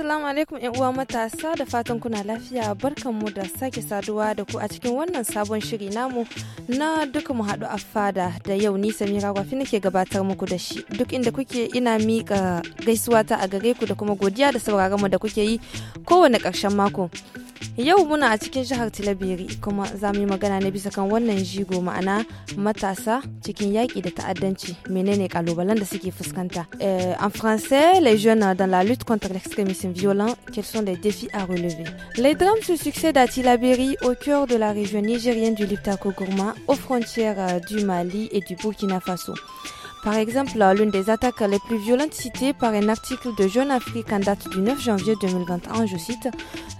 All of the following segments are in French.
Assalamu alaikum ‘yan uwa matasa da fatan kuna lafiya barkanmu da sake saduwa da ku a cikin wannan sabon shiri namu na duka mu haɗu a fada da yau ni Samira Gwafi nake gabatar muku da shi duk inda kuke ina miƙa gaisuwa ta a gare ku da kuma godiya da sauraron mu da kuke yi kowane ƙarshen mako. En français, les jeunes dans la lutte contre l'extrémisme violent, quels sont les défis à relever Les drames se succèdent à Tilabiri, au cœur de la région nigérienne du Liptako-Gourma, aux frontières euh, du Mali et du Burkina Faso. Par exemple, l'une des attaques les plus violentes citées par un article de Jeune Afrique en date du 9 janvier 2021, je cite,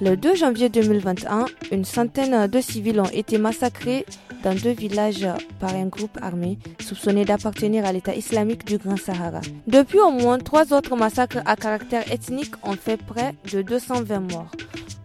Le 2 janvier 2021, une centaine de civils ont été massacrés dans deux villages par un groupe armé soupçonné d'appartenir à l'État islamique du Grand Sahara. Depuis au moins trois autres massacres à caractère ethnique ont fait près de 220 morts.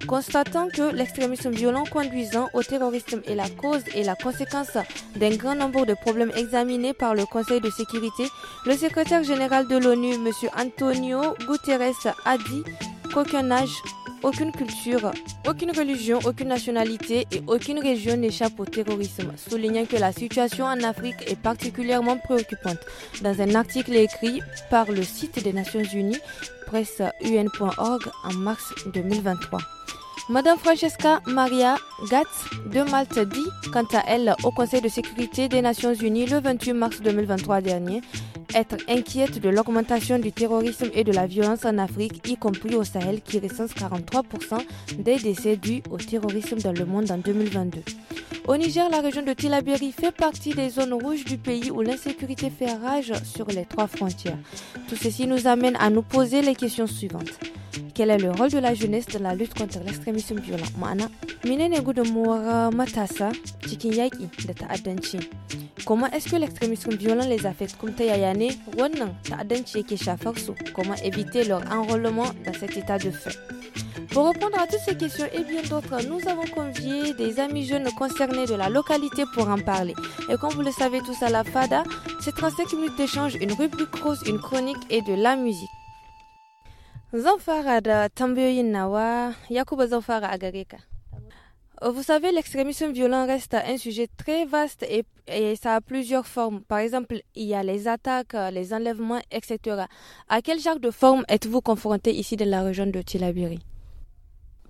Constatant que l'extrémisme violent conduisant au terrorisme est la cause et la conséquence d'un grand nombre de problèmes examinés par le Conseil de sécurité, le secrétaire général de l'ONU, M. Antonio Guterres, a dit qu'aucun âge, aucune culture, aucune religion, aucune nationalité et aucune région n'échappe au terrorisme, soulignant que la situation en Afrique est particulièrement préoccupante. Dans un article écrit par le site des Nations Unies, presseun.org en mars 2023. Madame Francesca Maria Gatz de Malte dit, quant à elle, au Conseil de sécurité des Nations Unies le 28 mars 2023 dernier, être inquiète de l'augmentation du terrorisme et de la violence en Afrique, y compris au Sahel, qui recense 43% des décès dus au terrorisme dans le monde en 2022. Au Niger, la région de Tilaberi fait partie des zones rouges du pays où l'insécurité fait rage sur les trois frontières. Tout ceci nous amène à nous poser les questions suivantes quel est le rôle de la jeunesse dans la lutte contre l'extrémisme violent comment est-ce que l'extrémisme violent les affecte comme comment éviter leur enrôlement dans cet état de fait pour répondre à toutes ces questions et bien d'autres, nous avons convié des amis jeunes concernés de la localité pour en parler. Et comme vous le savez tous à la FADA, c'est 35 minutes d'échange, une rubrique rose, une chronique et de la musique nawa Yakuba gare ka. Vous savez, l'extrémisme violent reste un sujet très vaste et, ça a plusieurs formes. Par exemple, il y a les attaques, les enlèvements, etc. À quel genre de forme êtes-vous confronté ici dans la région de Tilabiri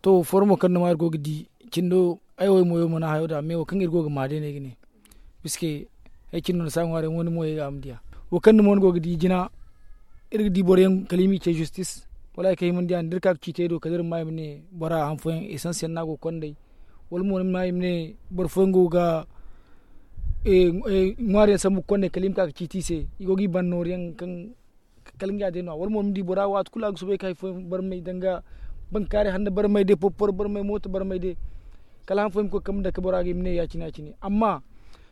To forme kan ma ergo gidi kindo ay way moyo mona hayo da mewo kan ergo ma de ne gine. Biske ay kindo sa ngare woni moyo amdiya. Wo kan mon go gidi jina pas di boren kalimi che justice wala kay mun dian dirka ki te do kadir mai mne bara han foyen essentiel nago konde wal mun mai mne bor fongo ga e, e sa mu konde kelim ka ki ti se ban banno riyan kan kalnga de no wal mun di bora wat kula su be kay fo bar mai danga bankare hande bar mai de popor bar mai moto bar mai de kala han foyen ko kam da ka bora ga mne ya ci cini amma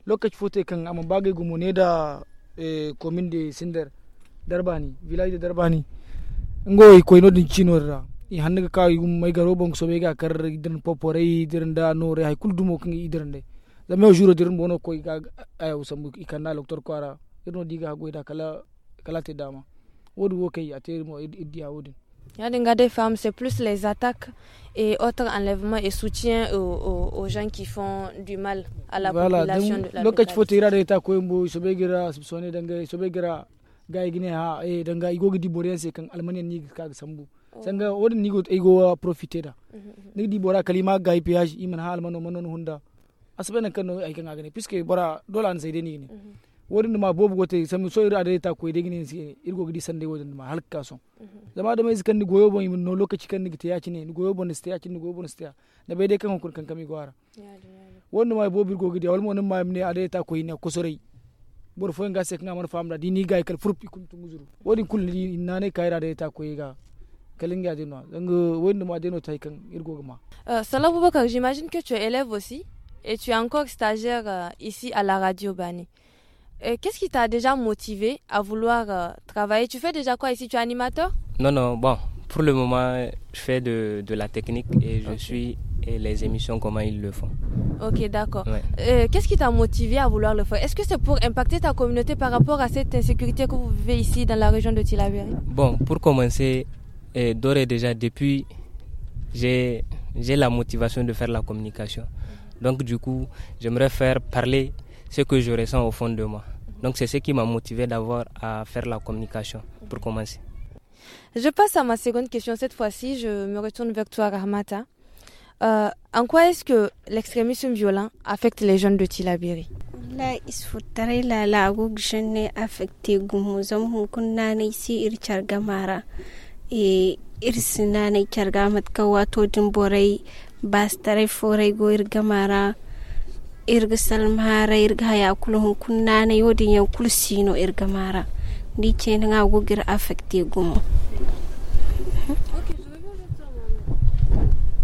lokaci fote kan amma bagai gumo ne da commune e, de Sinder Darbani village de Darbani ngo koy no din cinorra i hannaga ka yum ay garo bon so ga kar idan popore idan da no re hay kul dumo kan idan de da me juro dirin bono koy ga ay usam ikanna doktor kwara irno diga hago da kala kala te dama wodi wo kay atir mo idiya wodin Yadinga des femmes, c'est plus les attaques et autres enlèvements et soutien aux, aux, aux gens qui font du mal à la voilà, population de la localité. ga gine ha e danga igo gidi boriyan se kan almanian ni ka ga sambu oh. sanga wodin ni go igo profite da mm-hmm, mm-hmm. ni di bora kalima ga haji iman ha almano manon hunda asbena kan no ai kan agane piske bora dola an sayde ni ni mm-hmm. wodin ma bobu te sami so ira da ta ko de gine se irgo gidi sande wodin ma halka so zama da mai kan ni goyo bon no lokaci kan ni ta ya cine ni goyo bon ni ya cine ni goyo bon ni ya da bai dai kan kun kan kami gwara wodin ma bobu go gidi wal ni ma ne ada ta ko ina kusurai bor fo nga sek na famda dini ga kal furup ikum tu muzuru wodi kul ni nane kaira da ta koyi ga kalin ga dino dang wodi ma dino tai kan irgo euh, ma salabu bakar j'imagine que tu es élève aussi et tu es encore stagiaire euh, ici à la radio Bani. Euh, qu'est-ce qui t'a déjà motivé à vouloir travailler Tu fais déjà quoi ici Tu es animateur Non, non, bon, pour le moment, je fais de, la technique et je suis les émissions, comment ils le font. Ok, d'accord. Euh, qu'est-ce qui t'a motivé à vouloir le faire Est-ce que c'est pour impacter ta communauté par rapport à cette insécurité que vous vivez ici dans la région de Tilaberi Bon, pour commencer, d'ores et déjà, depuis, j'ai la motivation de faire la communication. Mhm. Donc, du coup, j'aimerais faire parler ce que je ressens au fond de moi. Mhm. Donc, c'est ce qui m'a motivé d'avoir à faire la communication pour mhm. commencer. Je passe à ma seconde question. Cette fois-ci, je me retourne vers toi, Rahmata. Euh, en quoi est-ce que l'extrémisme violent affecte les jeunes de Tilabiri la isfutare la la agog jenne affecté gumuzam hunkunna ne si irchar gamara e ils ne charga mat kawato dimborai bastare forai go irgamara irga salmara irga haya kulu hunkunna yodin yankul sino irgamara ni ce nga gugir affecté gumo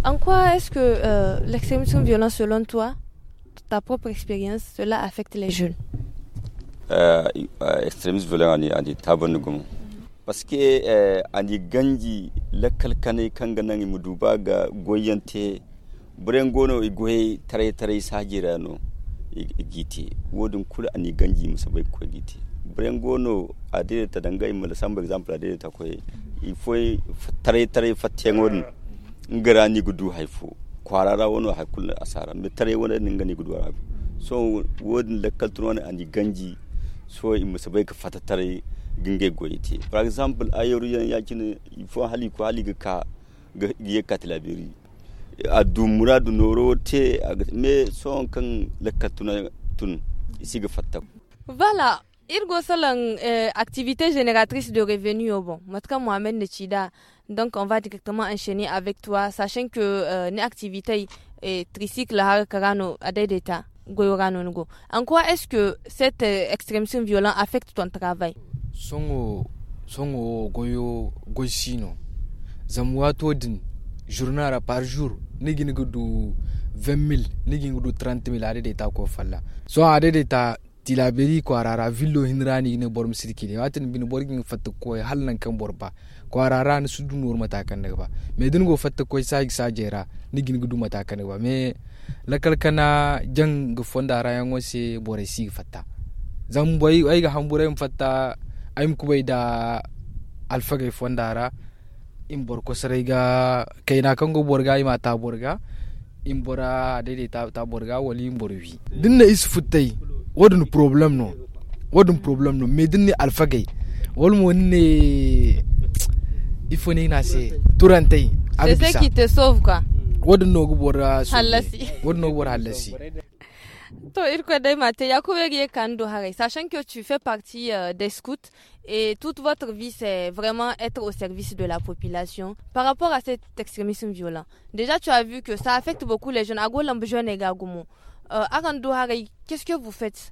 En quoi est-ce que euh, l'extrémisme violent, selon toi, ta propre expérience, cela affecte les jeunes euh, euh, Extrémisme violent, on est tabon Parce que on euh, est ganji, la kangana kanganangi mudubaga goyante, brengono igwe tare tare sajirano igiti. Wodun kula on est ganji musabai kwa giti. a adede ta danga mala sam example exemple adede ta koyi i faut tare tare fatengon ngara ni gudu haifu kwarara wono haikul asara me tare wani ni ngani gudu haifu so wodin lekkal wani ani ganji so musabai ka fata tare ginge goyite par exemple yoru yan ne il faut hali ko hali ka ga ye biri a du muradu noro te me son kan lekkal tunon tun siga fatta Voilà, irgo solan euh, activité génératrice de revenus au oh bon matka mohamed nechida donc on va directement enchaîner avec toi sachant que euh, activités activité et tricycle har karano goyorano en quoi est-ce que cette euh, extrémisme violent affecte ton travail songo songo goyo goisino zamwato din journal par jour nigi nigi du 20 000 nigi du 30 000 adedeta ko falla so adedeta tilaberi arara villo hinrani ne borum sirkile watin bin borgin fatta ko halnan kan borba ko arara ni sudu nor matakan ba me din go fatta ko sa sa jera ni gin gudu mata matakan ba me lakal kana jang go fonda rayan se bore si fatta zam boy ay ga hambure im fatta aim kubai da alfaga ra in bor ko sare ga kayna kan go borga ima ta borga in bora daidai ta borga wali in borwi dinna isu futtai wadun problem no wadun problème no me gay wol mo ne il faut ne na se problème, c'est ce qui te sauve quoi wadun no gbora ah, halasi wadun no gbora halasi To sachant que tu fais partie euh, des scouts et toute votre vie c'est vraiment être au service de la population. Par rapport à cet extrémisme violent, déjà tu as vu que ça affecte beaucoup les jeunes. Euh, Arando Harai, qu'est-ce que vous faites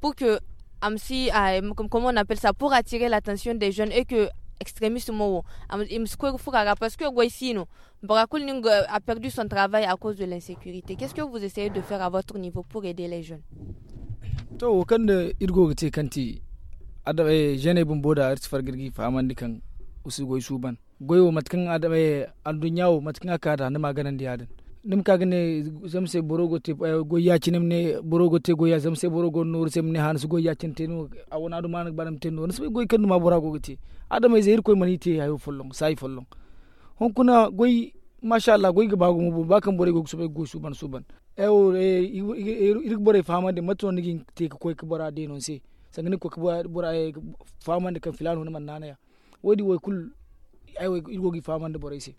pour que Amsi, ah, comment on appelle ça, pour attirer l'attention des jeunes et que extrémistes Mowo, parce que Guaisino, Barakul a perdu son travail à cause de l'insécurité. Qu'est-ce que vous essayez de faire à votre niveau pour aider les jeunes To, quand Irgo Gite Kanti, Adabe, Jene Bumboda, Artsfargirgi, Famandi Kang, Usugoy Suban, Goyo Matkan Adabe, Aldunyaw, Matkan Akada, Namaganan Diaden. nim kagine zamse borogo te goyaci nemne borogo te goya zamse borogo nor semne hans goyacin te no awona do manak banam te no nisbe goy kendu ma borago gati adama zeir koy mani te ayo follong sai follong hon kuna goy masha Allah goy ga bago mubu bakan bore go sube go suban suban ewo irig bore fama de matto nigi te koy ka bora de non se sangani ko ka bora fama de kan filan hono man nana ya wodi woy kul ay woy irgogi fama de bore se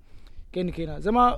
ken kena zama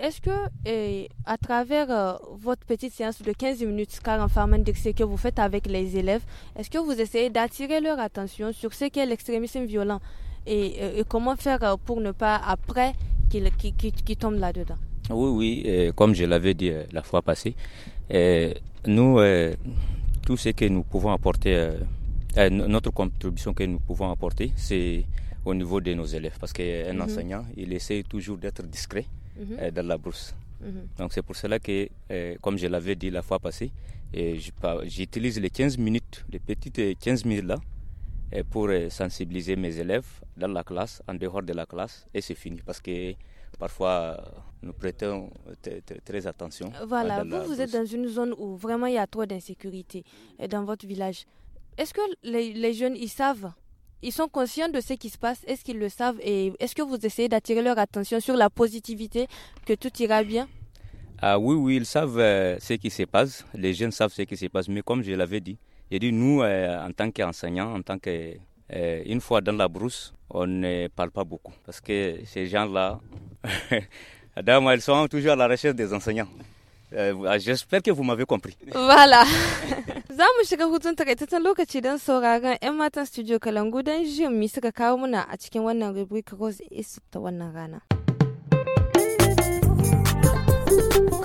Est-ce que, eh, à travers euh, votre petite séance de 15 minutes, car en farmant que vous faites avec les élèves, est-ce que vous essayez d'attirer leur attention sur ce qu'est l'extrémisme violent et, euh, comment faire euh, pour ne pas, après, qu'ils tombent là-dedans Oui, oui, comme je l'avais dit la fois passée, nous, tout ce que nous pouvons apporter, notre contribution que nous pouvons apporter, c'est au niveau de nos élèves, parce qu'un mhm. enseignant, il essaie toujours d'être discret Mhm. Euh, dans la brousse. Mhm. Donc c'est pour cela que, euh, comme je l'avais dit la fois passée, euh, j'utilise les 15 minutes, les petites 15 minutes là, pour sensibiliser mes élèves dans la classe, en dehors de la classe, et c'est fini. Parce que parfois, nous prêtons très attention. Voilà, vous, êtes dans une zone où vraiment il y a trop d'insécurité dans votre village. Est-ce que les jeunes, ils savent ils sont conscients de ce qui se passe Est-ce qu'ils le savent Et est-ce que vous essayez d'attirer leur attention sur la positivité, que tout ira bien ah, Oui, oui, ils savent euh, ce qui se passe. Les jeunes savent ce qui se passe. Mais comme je l'avais dit, j'ai dit, nous, euh, en tant qu'enseignants, en tant que... Euh, une fois dans la brousse, on ne parle pas beaucoup. Parce que ces gens-là, ils sont toujours à la recherche des enseignants. J'espère eh, que vous m'avez compris. Voilà. Za mu shiga hutun takaitaccen lokaci don sauraron 'yan matan studio Kalangu don jin mi suka kawo muna a cikin wannan rubrika Rose Isu ta wannan rana.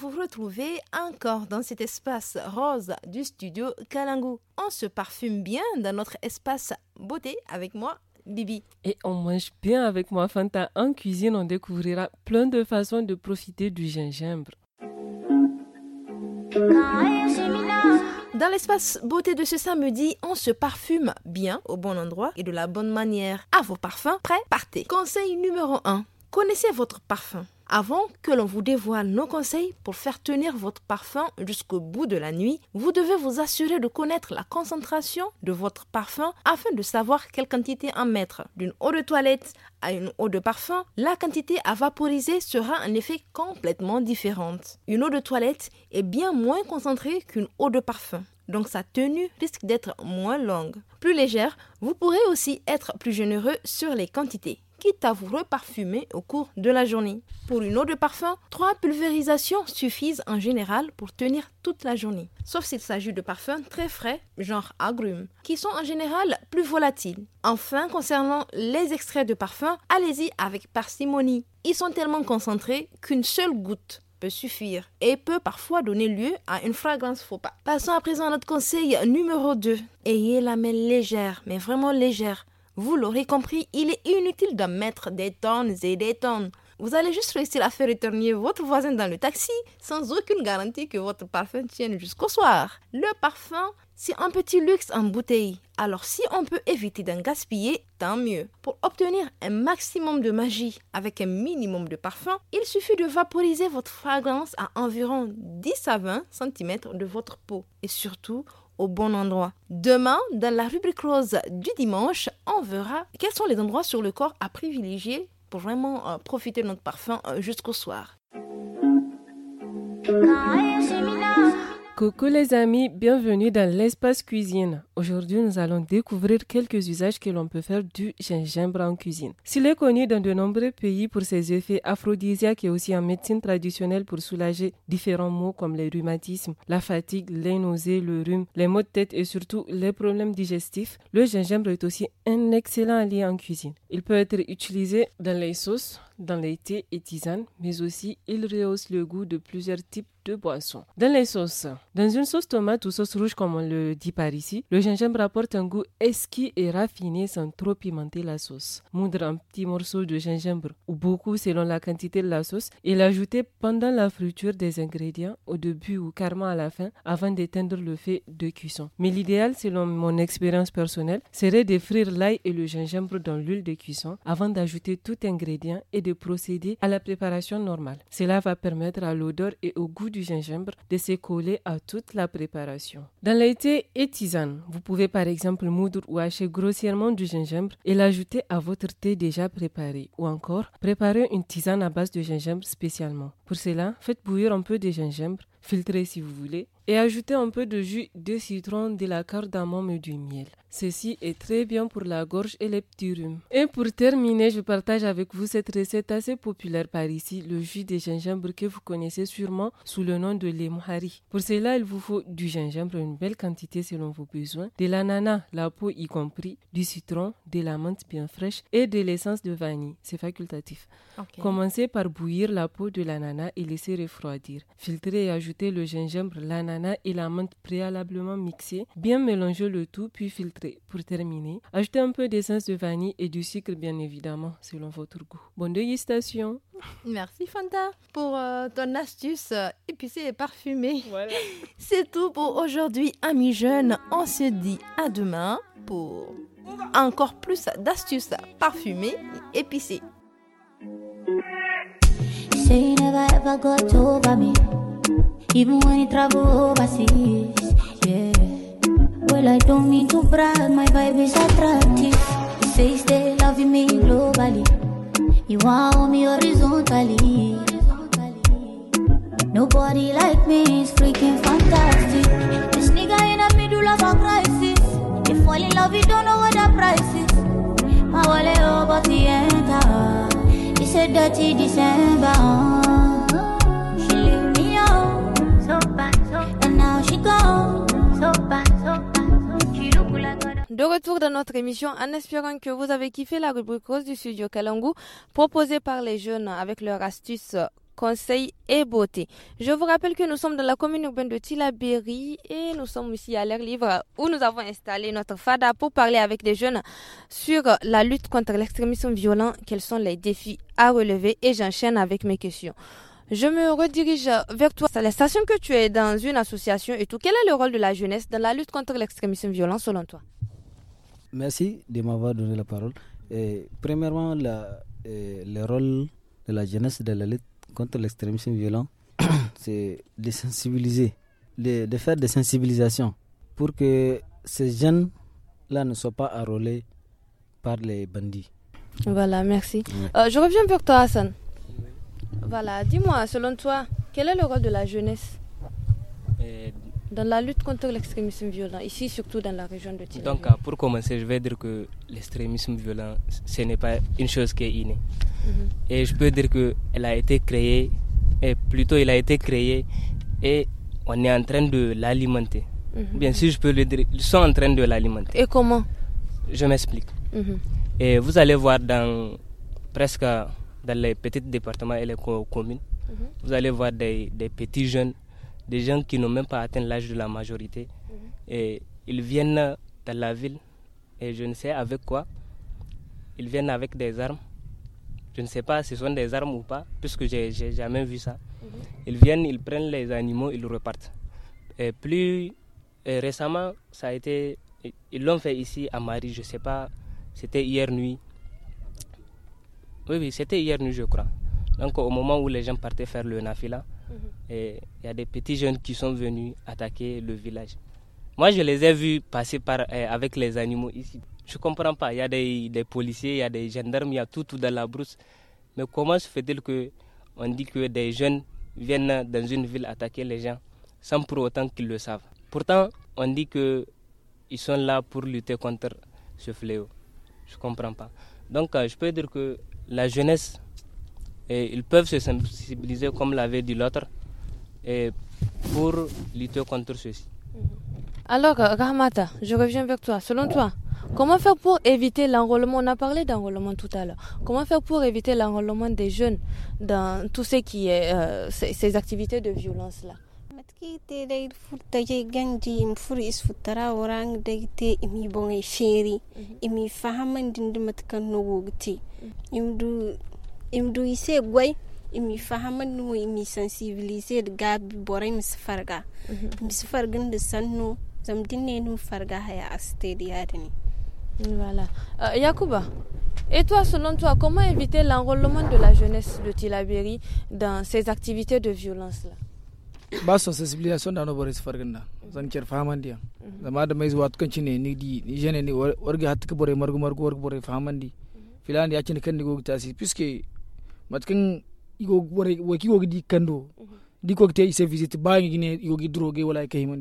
vous retrouvez encore dans cet espace rose du studio Kalangu. On se parfume bien dans notre espace beauté avec moi, Bibi. Et on mange bien avec moi, Fanta. En cuisine, on découvrira plein de façons de profiter du gingembre. Dans l'espace beauté de ce samedi, on se parfume bien, au bon endroit et de la bonne manière. À vos parfums, prêts, partez. Conseil numéro 1. Connaissez votre parfum. Avant que l'on vous dévoile nos conseils pour faire tenir votre parfum jusqu'au bout de la nuit, vous devez vous assurer de connaître la concentration de votre parfum afin de savoir quelle quantité en mettre. D'une eau de toilette à une eau de parfum, la quantité à vaporiser sera en effet complètement différente. Une eau de toilette est bien moins concentrée qu'une eau de parfum donc sa tenue risque d'être moins longue. Plus légère, vous pourrez aussi être plus généreux sur les quantités à vous parfumé au cours de la journée. Pour une eau de parfum, trois pulvérisations suffisent en général pour tenir toute la journée. Sauf s'il s'agit de parfums très frais, genre agrumes, qui sont en général plus volatiles. Enfin, concernant les extraits de parfums, allez-y avec parcimonie. Ils sont tellement concentrés qu'une seule goutte peut suffire et peut parfois donner lieu à une fragrance faux pas. Passons à présent à notre conseil numéro 2. Ayez la main légère, mais vraiment légère. Vous l'aurez compris, il est inutile de mettre des tonnes et des tonnes. Vous allez juste réussir à faire éternuer votre voisin dans le taxi sans aucune garantie que votre parfum tienne jusqu'au soir. Le parfum, c'est un petit luxe en bouteille. Alors si on peut éviter d'en gaspiller, tant mieux. Pour obtenir un maximum de magie avec un minimum de parfum, il suffit de vaporiser votre fragrance à environ 10 à 20 cm de votre peau. Et surtout, bon endroit. Demain, dans la rubrique rose du dimanche, on verra quels sont les endroits sur le corps à privilégier pour vraiment euh, profiter de notre parfum euh, jusqu'au soir. Ah, Coucou les amis, bienvenue dans l'espace cuisine. Aujourd'hui, nous allons découvrir quelques usages que l'on peut faire du gingembre en cuisine. S'il est connu dans de nombreux pays pour ses effets aphrodisiaques et aussi en médecine traditionnelle pour soulager différents maux comme les rhumatismes, la fatigue, les nausées, le rhume, les maux de tête et surtout les problèmes digestifs, le gingembre est aussi un excellent allié en cuisine. Il peut être utilisé dans les sauces, dans les thés et tisanes, mais aussi il rehausse le goût de plusieurs types boisson. Dans les sauces, dans une sauce tomate ou sauce rouge comme on le dit par ici, le gingembre apporte un goût esquis et raffiné sans trop pimenter la sauce. Moudre un petit morceau de gingembre ou beaucoup selon la quantité de la sauce et l'ajouter pendant la friture des ingrédients au début ou carrément à la fin avant d'éteindre le fait de cuisson. Mais l'idéal selon mon expérience personnelle serait de frire l'ail et le gingembre dans l'huile de cuisson avant d'ajouter tout ingrédient et de procéder à la préparation normale. Cela va permettre à l'odeur et au goût du gingembre, de se coller à toute la préparation. Dans les thés et tisanes, vous pouvez par exemple moudre ou hacher grossièrement du gingembre et l'ajouter à votre thé déjà préparé ou encore préparer une tisane à base de gingembre spécialement. Pour cela, faites bouillir un peu de gingembre, filtrez si vous voulez, et ajoutez un peu de jus de citron, de la cardamome et du miel. Ceci est très bien pour la gorge et les petits rhumes. Et pour terminer, je partage avec vous cette recette assez populaire par ici, le jus de gingembre que vous connaissez sûrement sous le nom de lemhari. Pour cela, il vous faut du gingembre, une belle quantité selon vos besoins, de l'ananas, la peau y compris, du citron, de la menthe bien fraîche et de l'essence de vanille. C'est facultatif. Commencez par bouillir la peau de l'ananas et laisser refroidir. Filtrer et ajouter le gingembre, l'ananas et la menthe préalablement mixées. Bien mélanger le tout puis filtrer. Pour terminer, ajoutez un peu d'essence de vanille et du sucre bien évidemment selon votre goût. Bonne dégustation. Merci Fanta pour euh, ton astuce euh, épicée et parfumée. C'est tout pour aujourd'hui, amis jeunes. On se dit à demain pour encore plus d'astuces parfumées et épicées. Say he never ever got over me, even when he travel overseas. Yeah. Well, I don't mean to brag, my vibe is attractive. He says they love me globally. You want me horizontally. Nobody like me is freaking fantastic. This nigga in the middle of a crisis. If fall in love, you don't know what the price is. My wallet, oh, but he De retour dans notre émission, en espérant que vous avez kiffé la rubrique rose du studio Kalangu proposée par les jeunes avec leur astuce conseil et beauté. Je vous rappelle que nous sommes dans la commune urbaine de Tilabéry et nous sommes ici à l'air libre où nous avons installé notre FADA pour parler avec des jeunes sur la lutte contre l'extrémisme violent, quels sont les défis à relever et j'enchaîne avec mes questions. Je me redirige vers toi, la station que tu es dans une association et tout. Quel est le rôle de la jeunesse dans la lutte contre l'extrémisme violent selon toi Merci de m'avoir donné la parole. premièrement, le rôle de la jeunesse dans la lutte contre l'extrémisme violent, c'est de sensibiliser, de, faire des sensibilisations pour que ces jeunes-là ne soient pas enrôlés par les bandits. Voilà, merci. Euh, je reviens pour toi, Hassan. Voilà, dis-moi, selon toi, quel est le rôle de la jeunesse euh, dans la lutte contre l'extrémisme violent, ici surtout dans la région de Tilly. Donc, euh, pour commencer, je vais dire que l'extrémisme violent, ce n'est pas une chose qui est innée. Mm-hmm. Et je peux dire qu'elle a été créée, et plutôt elle a été créée et on est en train de l'alimenter. Mm-hmm. Bien sûr, je peux le dire, ils sont en train de l'alimenter. Et comment Je m'explique. Mm-hmm. Et vous allez voir dans presque dans les petits départements et les communes, vous allez voir des, des, petits jeunes, des gens qui n'ont même pas atteint l'âge de la majorité. Et ils viennent dans la ville, et je ne sais avec quoi, ils viennent avec des armes je ne sais pas si ce sont des armes ou pas, puisque j'ai, n'ai jamais vu ça. Mhm. Ils viennent, ils prennent les animaux, ils repartent. Et plus récemment, ça a été, ils l'ont fait ici à Marie, je ne sais pas, c'était hier nuit. Oui, oui, c'était hier nuit, je crois. Donc au moment où les gens partaient faire le nafila, mhm. il y a des petits jeunes qui sont venus attaquer le village. Moi, je les ai vus passer par, eh, avec les animaux ici. Je comprends pas. Il y a des, policiers, il y a des gendarmes, il y a tout, dans la brousse. Mais comment se fait-il que on dit que des jeunes viennent dans une ville attaquer les gens sans pour autant qu'ils le savent Pourtant, on dit qu'ils sont là pour lutter contre ce fléau. Je ne comprends pas. Donc, euh, je peux dire que la jeunesse, ils peuvent se sensibiliser comme l'avait dit l'autre pour lutter contre ceci. Alors, euh, Rahmata, je reviens avec toi. Selon toi, Comment faire pour éviter l'enrôlement On a parlé d'enrôlement tout à l'heure. Comment faire pour éviter l'enrôlement des jeunes dans tout ce qui est euh, ces, activités de violence là voilà. Euh, Yacouba, et toi, selon toi, comment éviter l'enrôlement de la jeunesse de Tilaberi dans ces activités de violence-là ba so sensibilisation da no boris farganda zan ker famandi zama da mais wat kan cine ni di ni jene ni warga hat ka bore margu margu warga bore famandi mhm. filan ya cin kan ni gogta si puisque matkan igo bore waki gogi di kando di ko te ise visite ba ngi ne igo gi droge wala kay man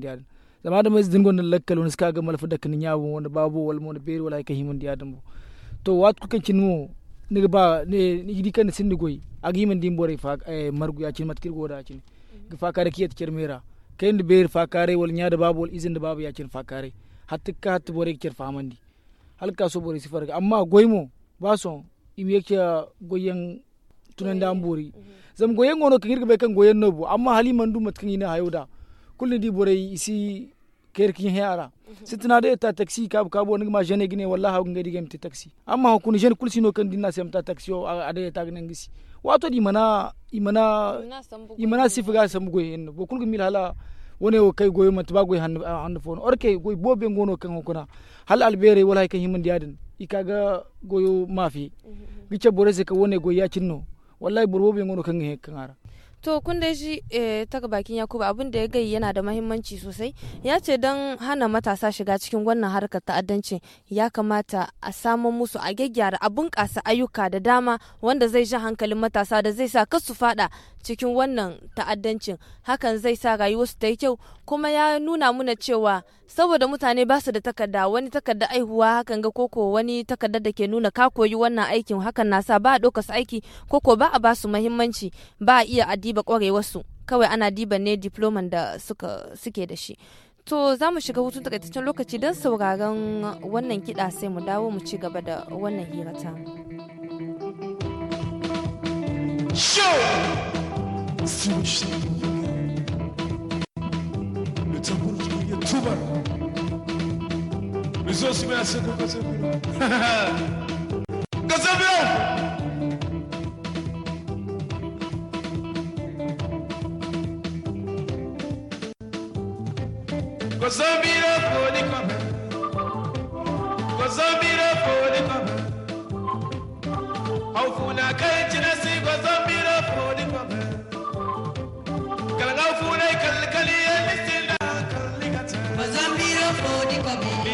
zama da mai zingon na lakkal wani suka ga malfa da kan nyawo wani babu wal mon beri wala ka himun diya dumbo to wat ku kan cinmo ni ba ne di kan sin goy agi man dim bore fa margu ya cin matkir goda cin fa kare kiyat cermera kayin da beri fa kare wal nya da babu wal izin da babu ya cin fa kare hatta ka hatta bore cer fa mandi halka so bore sifar amma goymo ba son imi yake goyen tunan da ambori zam goyen gono kan irga be kan goyen nobu amma haliman du matkan ina hayoda kulli di bore isi he ara mhm. sitina da ta taxi kab kabo ni ma jene gine wallahi hagun gadi gamti taxi amma kun jene kulsi no kan dinna sem ta taxi o ade ta gnan gisi wato di mana imana imana sifiga sambugo en bo kulgu mil hala wone o kay goyo ba goy han han fon orke goy bobe ngono kan na hal albere wala kan himin diadin ikaga goyo mafi mhm, mhm. gice se ka wone goy cinno wallahi be ngono kan he kan ara to kun da shi eh, ta bakin yakubu abin da ya gai yana da mahimmanci sosai ya ce don hana matasa shiga cikin wannan harkar ta'addanci ya kamata a samun musu a gyaggyara a bunƙasa ayyuka da dama wanda zai ji hankalin matasa da zai sa kasu fada cikin wannan ta'addancin hakan zai sa rayuwarsu ta yi kyau kuma ya nuna muna cewa saboda mutane ba su da takarda wani takarda aihuwa hakan ga koko wani takarda da ke nuna ka koyi wannan aikin hakan na sa ba a su aiki koko ba a ba su mahimmanci ba a iya adi diba kwarewarsu kawai ana diba ne diploman da suka suke da shi to za mu shiga hutun takaitaccen lokaci don sauraron wannan kiɗa sai mu dawo mu ci gaba da wannan hirata. me a kosambira poni kwame kosambira poni kwame aufuna kai chinasi kosambira poni kwame kalanga aufuna kalkali elisinda kalikata kosambira poni kwame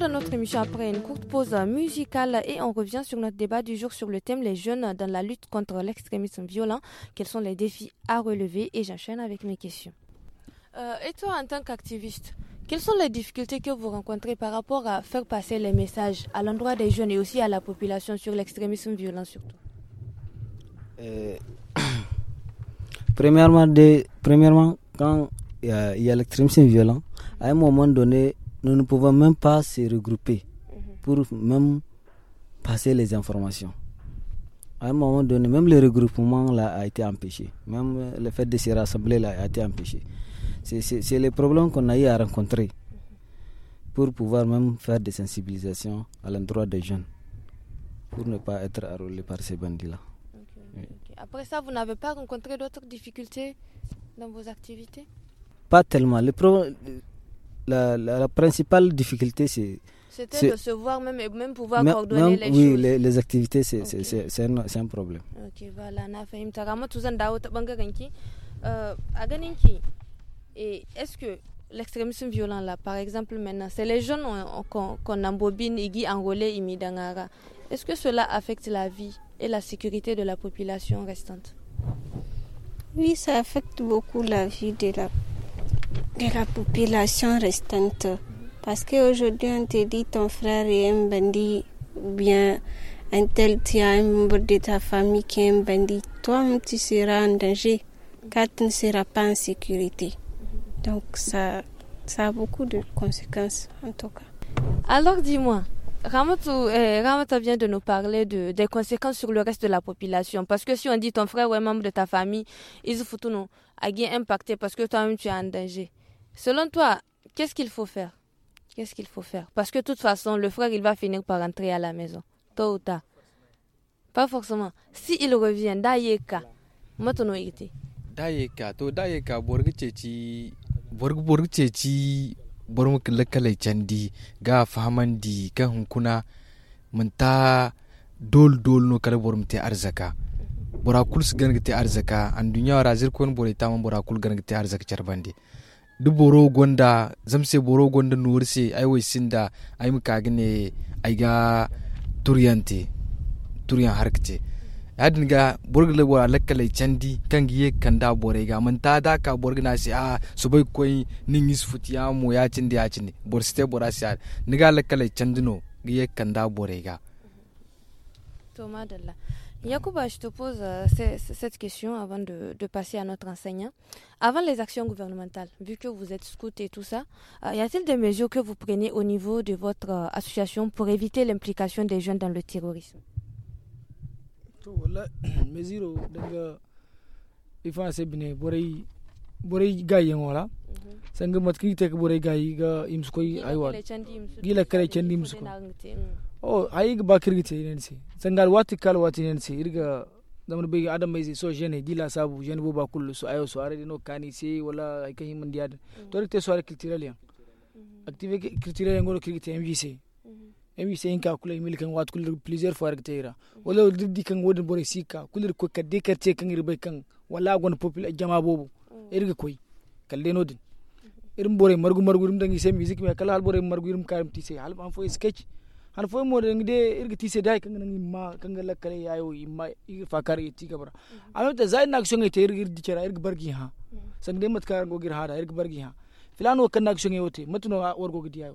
de notre émission après une courte pause musicale et on revient sur notre débat du jour sur le thème les jeunes dans la lutte contre l'extrémisme violent. Quels sont les défis à relever Et j'enchaîne avec mes questions. Euh, et toi, en tant qu'activiste, quelles sont les difficultés que vous rencontrez par rapport à faire passer les messages à l'endroit des jeunes et aussi à la population sur l'extrémisme violent surtout euh, Premièrement, premièrement, quand il y a l'extrémisme violent, à un moment donné, nous ne pouvons même pas se regrouper mhm. pour même passer les informations. À un moment donné, même le regroupement là a été empêché. Même euh, le fait de se rassembler là a été empêché. C'est le problème qu'on a eu à rencontrer pour pouvoir même faire des sensibilisations à l'endroit des jeunes pour ne pas être arrôlés par ces bandits-là. Après ça, vous n'avez pas rencontré d'autres difficultés dans vos activités Pas tellement la, principale difficulté, c'est. C'était de se voir même et même pouvoir coordonner les oui, choses. Les, les activités, c'est un, problème. Ok, voilà, na Tarama, tu bangarinki, dawo ta euh, est-ce que l'extrémisme violent là, par exemple maintenant, c'est les jeunes euh, qu'on qu embobine, Iggy Angolais, Imidangara. Est-ce que cela affecte la vie et la sécurité de la population restante Oui, ça affecte beaucoup la vie de la population de la population restante. Parce qu'aujourd'hui, on te dit ton frère est un bandit, bien un tel, tu un membre de ta famille qui est un bandit. Toi, tu seras en danger car tu ne seras pas en sécurité. Donc, ça, ça a beaucoup de conséquences en tout cas. Alors, dis-moi, Ramata eh, vient de nous parler des conséquences sur le reste de la population. Parce que si on dit ton frère ou un membre de ta famille, ils foutent nous à impacté parce que toi-même tu as en danger. Selon toi, qu'est-ce qu'il faut faire Qu'est-ce qu'il faut faire Parce que de toute façon, le frère, il va finir par entrer à la maison, tôt ou tard. Pas forcément. Si il revient, d'ayeka, maintenant il était. D'ayeka, to d'ayeka, borgitchi, borgitchi, bormukalakale chandi, ga famandi ga hunkuna, manta, dol dol no te arzaka. su si gangite arzaka an duniya wara zirkon bore taman borakul gangite arzaka charbande du boro gonda zamse boro gonda ai wai sin da ai mu kagne ai ga turyante turyan ya hadin ga borgle bora lakkalai candi kan giye kan da bore ga man ta da ka na si a su bai koyi nin yis su ya mu ya cindi ya cindi bor ste bora si a niga lakkalai candi no giye kan da bore ga to madalla Yacouba, je te pose euh, cette question avant de, passer à notre enseignant. Avant les actions gouvernementales, vu que vous êtes scout et tout ça, euh, y a-t-il des mesures que vous prenez au niveau de votre euh, association pour éviter l'implication des jeunes dans le terrorisme o oh, ayig bakirgite inensi sangal wati kal wati inensi irga zamar bai adam mai so jene dila sabu jene bo ba kullu so ayo so arade no kani se wala ay kan himman diad to rekte so ara culturel yan active culturel yan goro kirgite mvc mvc mhm. in ka kulay mil kan wat kullu plusieurs fois rekte ira mhm. wala diddi kan wodin bore sika kullu ko kadde karte kan irbe kan wala gon popul jama bobo mhm. irga koy kalle nodin irin bore margu margu irin dangi se music me kala hal bore margu irin karim ti se hal ban fo sketch han foi mo de ngde irga tise dai kanga ngi ma kanga la yo yayo imma fa kare ti ka bara mm-hmm. ayo ta zain nak shonge te irga di chara irga bargi ha mm-hmm. de mat kar go gir hada irga bargi ha filan wo kanna shonge wote no war go gidi yayo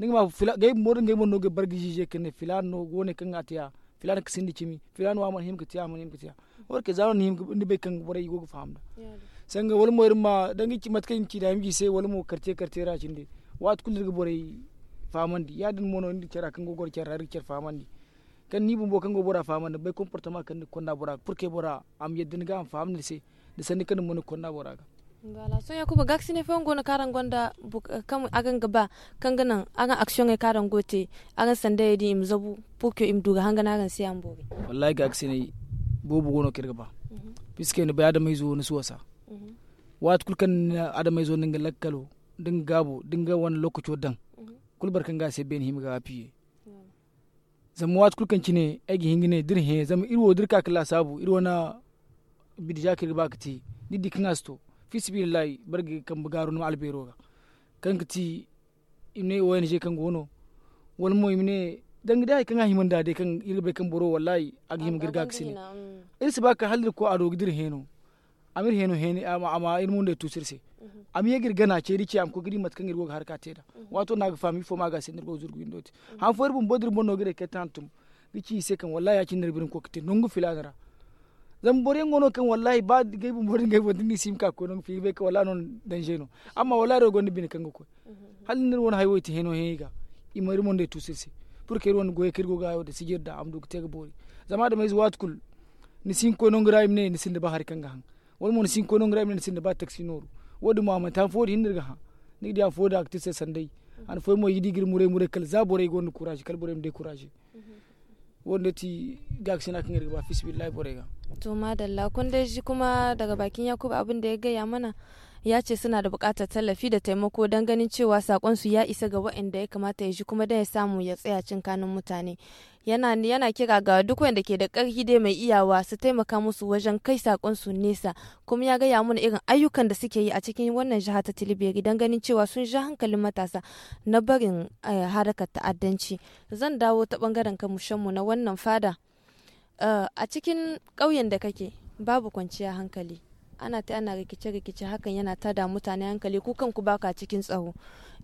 ninga ma fila gay mo de ngay mo no ge bargi je ken filan no ne kanga tiya filan ka sindi chimi filan wa man himka tiya man himka tiya mm-hmm. war ke zaron himka ndi be kanga bore go da sang wal mo irma dangi ci mat kan ci da ji se wal mo karte karte ra cinde wat kullu ga bore famandi ya din mono ndi cara kango gor cara ri ker famandi kan ni bumbo kango bora famandi bay comportement kan konna bora pour que bora am yeddin ga am famni se de sani kan mono konna bora ga ngala so kuba gaksi ne fongo na karan gonda eh, kam agan gaba kan ganan aga action e karan goti aga sande e di im zabu pokyo im duga hangana agan se ambo wallahi gaksi ne bobu gono kirga ba mhm. piske ne bayada mai zo ni suwasa mhm. wat kulkan adamai zo ne ngalakalo dinga gabo dinga wani lokoto dan kulbar kan gasa se ben ga apiye zama wat kulkan cine egi hingine dir he zama irwo dirka ka kala sabu irwo na bidja kir ba kati diddi kin asto fi sibillahi bargi kan bugaru no albero ga kan kati ine wayan je kan gono wal mo imne dan gida kan ahi man dade kan irbe kan boro wallahi agi him ah, girga ne mm. irsi baka halir ko aro gidir no amir henu heni ama ir munde tusirse mhm. am yegir gana ceri ci am ko gidi mat kangir woga harka teda mhm. wato na ga fami fo maga sindir go zurgu indoti mhm. han fo erbum bodir bonno gede ketantum gici se kan wallahi aci ndir birin ko kete nungu filanara zan bore ngono kan wallahi ba gay bu bore gay wodini sim ka ko non fiibe be ko wala non danjeno amma wallahi ro gondi bin kango ko hal nir won hay woyti heno hega imari monde tusirse pour que ron goye kirgo ga de sijirda am dug tege bori zamade da watkul ni sin ko non gra imne ni sin da bahar kan wani mon sin konon gra min sin da ba taxi noru wodi ma amata fodi hindirga ha ni dia foda akti tise sandai mhm. an foi mo yidi gir mure mure kal za bore gon courage kal bore de courage mhm. wonde ti gak na ak ngir ba fisbillahi bore ga to madalla kun dai shi kuma daga bakin yakub abin da ya ga ya mana ya ce suna da bukatar tallafi da taimako don ganin cewa sakonsu ya isa ga waɗanda ya kamata ya ji kuma da ya samu ya tsaya cin kanun mutane yana kira ga duk wanda ke da ƙarfi dai mai iyawa su taimaka musu wajen kai sakonsu nesa kuma ya gaya mana irin ayyukan da suke yi a cikin wannan jiha ta tilibiri don ganin cewa sun ja hankalin matasa na barin eh, harakar ta'addanci zan dawo ta bangaren mu na wannan fada eh, a cikin ƙauyen da kake babu kwanciya hankali ana ta ana rikice-rikice hakan yana ta da mutane hankali ku kanku baka cikin tsaro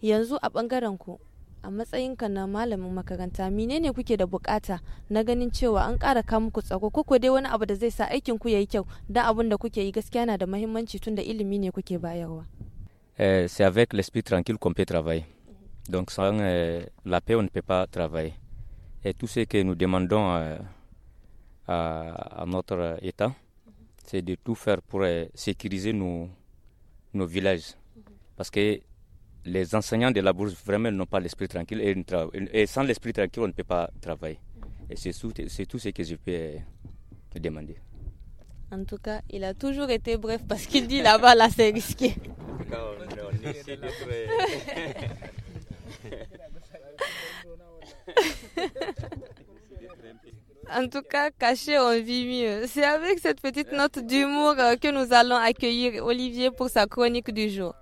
yanzu a bangaren ku a matsayinka na malamin makaranta menene kuke da bukata na ganin cewa an ƙara ka muku tsaro ko dai wani abu da zai sa aikin ku yayi kyau da abun da kuke yi gaskiya na da muhimmanci tunda ilimi ne kuke bayarwa eh, c'est avec l'esprit tranquille qu'on peut travailler donc sans euh, la paix on ne peut pas travailler et tout ce que nous demandons euh, à, à notre état c'est de tout faire pour euh, sécuriser nos, nos villages. Parce que les enseignants de la bourse, vraiment, n'ont pas l'esprit tranquille. Et, sans l'esprit tranquille, on ne peut pas travailler. Et c'est tout, ce que je peux euh, demander. En tout cas, il a toujours été bref parce qu'il dit là-bas, là, là c'est risqué. En tout cas, caché, on vit mieux. C'est avec cette petite note d'humour euh, que nous allons accueillir Olivier pour sa chronique du jour.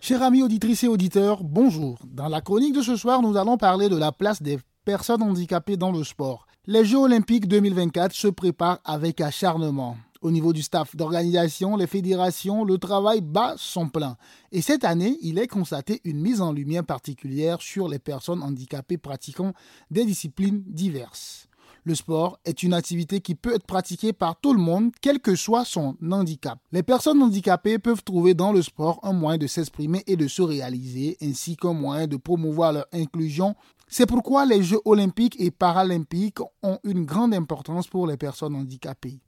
Chers amis auditrices et auditeurs, bonjour. Dans la chronique de ce soir, nous allons parler de la place des personnes handicapées dans le sport. Les Jeux olympiques 2024 se préparent avec acharnement. Au niveau du staff d'organisation, les fédérations, le travail bat son plein. Et cette année, il est constaté une mise en lumière particulière sur les personnes handicapées pratiquant des disciplines diverses. Le sport est une activité qui peut être pratiquée par tout le monde, quel que soit son handicap. Les personnes handicapées peuvent trouver dans le sport un moyen de s'exprimer et de se réaliser, ainsi qu'un moyen de promouvoir leur inclusion c'est pourquoi les Jeux olympiques et paralympiques ont une grande importance pour les personnes handicapées.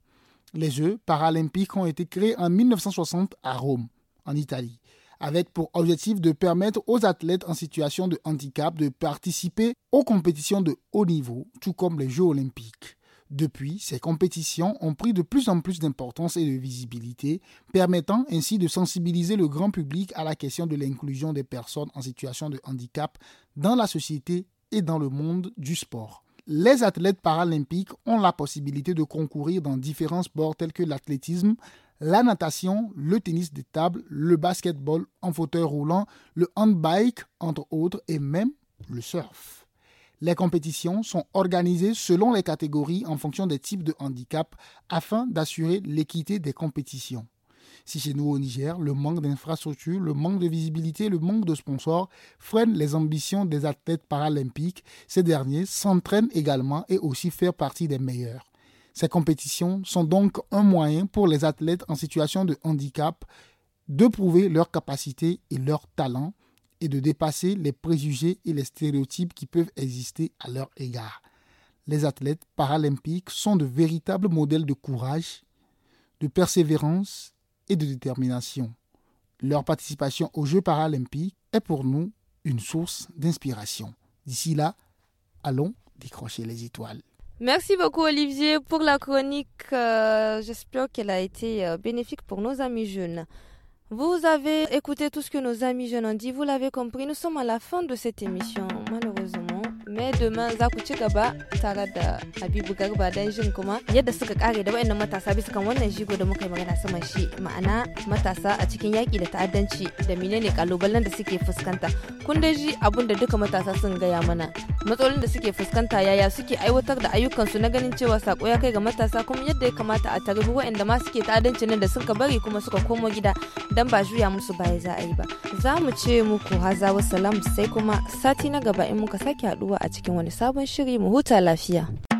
Les Jeux paralympiques ont été créés en 1960 à Rome, en Italie, avec pour objectif de permettre aux athlètes en situation de handicap de participer aux compétitions de haut niveau, tout comme les Jeux olympiques. Depuis, ces compétitions ont pris de plus en plus d'importance et de visibilité, permettant ainsi de sensibiliser le grand public à la question de l'inclusion des personnes en situation de handicap dans la société et dans le monde du sport les athlètes paralympiques ont la possibilité de concourir dans différents sports tels que l'athlétisme, la natation, le tennis de table, le basketball en fauteuil roulant, le handbike, entre autres, et même le surf. Les compétitions sont organisées selon les catégories en fonction des types de handicap afin d'assurer l'équité des compétitions. Si chez nous au Niger, le manque d'infrastructures, le manque de visibilité, le manque de sponsors freinent les ambitions des athlètes paralympiques, ces derniers s'entraînent également et aussi faire partie des meilleurs. Ces compétitions sont donc un moyen pour les athlètes en situation de handicap de prouver leurs capacités et leurs talents et de dépasser les préjugés et les stéréotypes qui peuvent exister à leur égard. Les athlètes paralympiques sont de véritables modèles de courage, de persévérance et de détermination. Leur participation aux Jeux paralympiques est pour nous une source d'inspiration. D'ici là, allons décrocher les étoiles. Merci beaucoup Olivier pour la chronique. Euh, j'espère qu'elle a été euh, bénéfique pour nos amis jeunes. Vous avez écouté tout ce que nos amis jeunes ont dit, vous l'avez compris, nous sommes à la fin de cette émission. Malheureusement. mai domin za ku ci gaba tare da habibu garba don jin kuma yadda suka kare da wayannan matasa bisa kan wannan jigo da muka yi magana saman shi ma'ana matasa a cikin yaƙi da ta'addanci da menene kalubalen da suke fuskanta kun da ji abun da duka matasa sun gaya mana matsalolin da suke fuskanta yaya suke aiwatar da ayyukansu na ganin cewa sako ya kai ga matasa kuma yadda ya kamata a tarbi wayanda ma suke ta'addanci nan da suka bari kuma suka komo gida dan ba juya musu baya za a yi ba za mu ce muku haza salam sai kuma sati na gaba in muka sake haɗuwa a cikin wani sabon shiri mu huta lafiya.